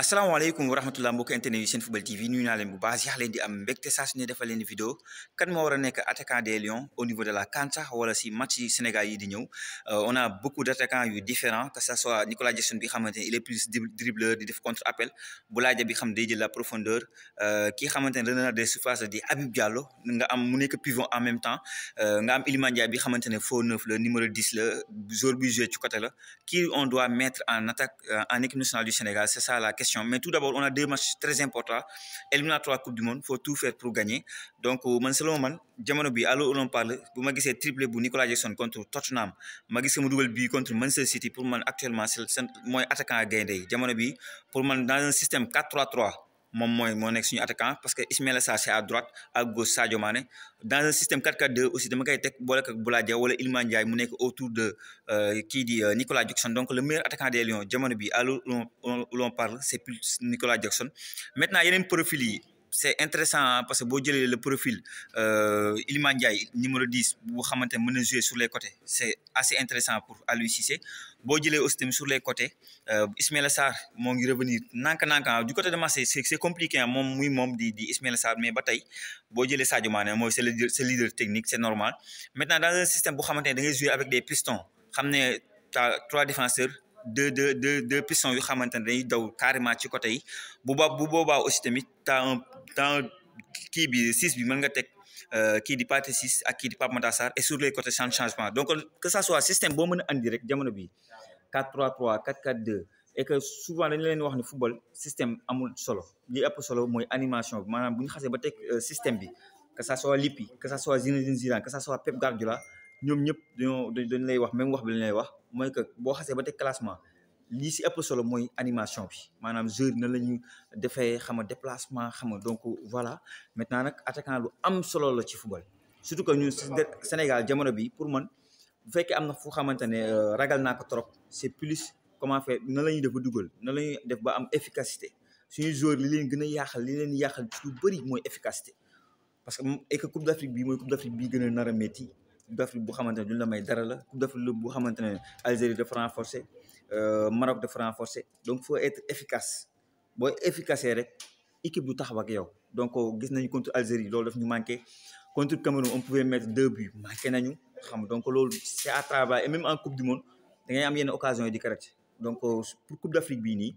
asalaamaaleykum wa rahmatulah mbokk internet yu sen football TV nuyu na leen bu baax yax leen di am mbégte saa su defal leen vidéo kan mo wara nek attaquant des Lions au niveau de la cancha wala si match yi Sénégal yi di ñew euh, on a beaucoup d'attaquants yu différents que ça soit Nicolas Jackson bi xamante il est plus dribbleur di def contre appel Boulaye Dia bi xam day jël la profondeur euh, ki xamante ne renard des surfaces di Habib Diallo nga am mu nek pivot en même temps euh, nga am Iliman Ndiaye bi xamante faux neuf le numéro 10 le joueur bi joué ci côté la qui on doit mettre en attaque en équipe nationale du Sénégal c'est ça la question. Mais tout d'abord, on a deux matchs très importants. Éliminatoire Coupe du Monde, il faut tout faire pour gagner. Donc, euh, man, selon moi, jamono bi où on parle Pour moi, c'est triplé pour Nicolas Jackson contre Tottenham ma c'est mon double but contre Manchester City pour moi, actuellement le moins attaquant à gagner. jamono pour moi, dans un système 4-3-3 mon mon moo attaquant parce que Ismaël Sarr c'est à droite à gauche Sadio Mané dans un système 4-4-2 aussi dama koy teg boole ak Boulaye wala autour de qui euh, dit euh, Nicolas Jackson donc le meilleur attaquant des Lions jamono bi à où l'on parle c'est plus Nicolas Jackson maintenant il y a profil profilée c'est intéressant hein, parce que boo le profil euh, Iliman Ndiaye numéro 10 vous xamante ne jouer sur les côtés c'est assez intéressant pour Aliou Cissé boo jëlee aussi sur les côtés euh, Ismail Sarr moo ngi revenir nanka-nanka ah, du côté de moi, c'est c'est compliqué hein, mon muy moom di di Sarr mais ba tey boo jëlee Sadio Mané c'est le leader technique c'est normal maintenant dans un système vous xamante jouer avec des pistons xam trois défenseurs deux deux deux deux pistons yu xamante dañuy daw carrément ci côté yi bu ba bu boobaa aussi tamit un système qui bi six bi mën nga teg euh, kii di Pathé Ciss ak di et sur les côtés sans changement donc que ce soit système indirect, 4-3-3 4-4-2 et que souvent dañu leen wax ne football système amul solo li ëpp solo mooy animation bi maanaam bu ñu xasee ba teg euh, système bi que ce soit Lippi que ce soit Zinedine Zidane que ce soit Pep Guardiola ñoom ñëpp dañoo dañ lay wax même wax bi lañ lay wax mooy que boo xasee ba teg classement li si ëpp solo mooy animation bi maanaam joueur na lañu ñu defee xam nga déplacement xam nga donc voilà maintenant nag attaquant lu am solo la ci football surtout que ñun Sénégal jamono bi pour man bu fekkee am na fu xamante ne euh, ragal naa ko trop c'est plus comment faire na la ñuy def ba dugal na la def ba am efficacité suñu joueur li leen gën a yàqal li leen yàqal ci lu bëri mooy efficacité parce que et que Coupe d'Afrique bi mooy Coupe d'Afrique bi gën a nar a métti coupe d'Afrique bu xamante ne la may dara la coupe d'Afrique bu xamante ne Algérie dafa renforcer euh, Maroc dafa renforcer donc faut être efficace boo efficace rek équipe du taxaw ak yow donc euh, gis nañu contre Algérie loolu daf ñu manqué contre Cameroun on pouvait mettre deux buts manqué nañu xam donc loolu c'est à travailler et même en coupe du monde da ngay am yenn occasion yi di donc euh, pour coupe d'Afrique bii nii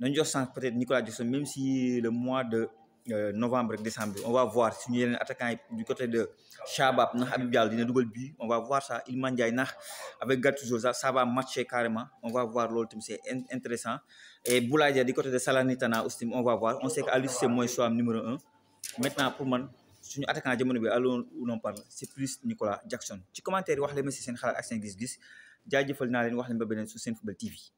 nañ jox peut-être Nicolas Jackson même si le mois de euh, novembre décembre on va voir a un attaquant du côté de Chabab on va voir ça Il Ndiaye avec Gattuso ça va matcher carrément on va voir l'ultime. c'est intéressant et Boulaye du côté de Salanitana, on va voir on sait qu'Alice, est c'est numéro 1. maintenant pour moi, si attaquant à bi attaquant c'est plus Nicolas Jackson ci commentaire si vous ak TV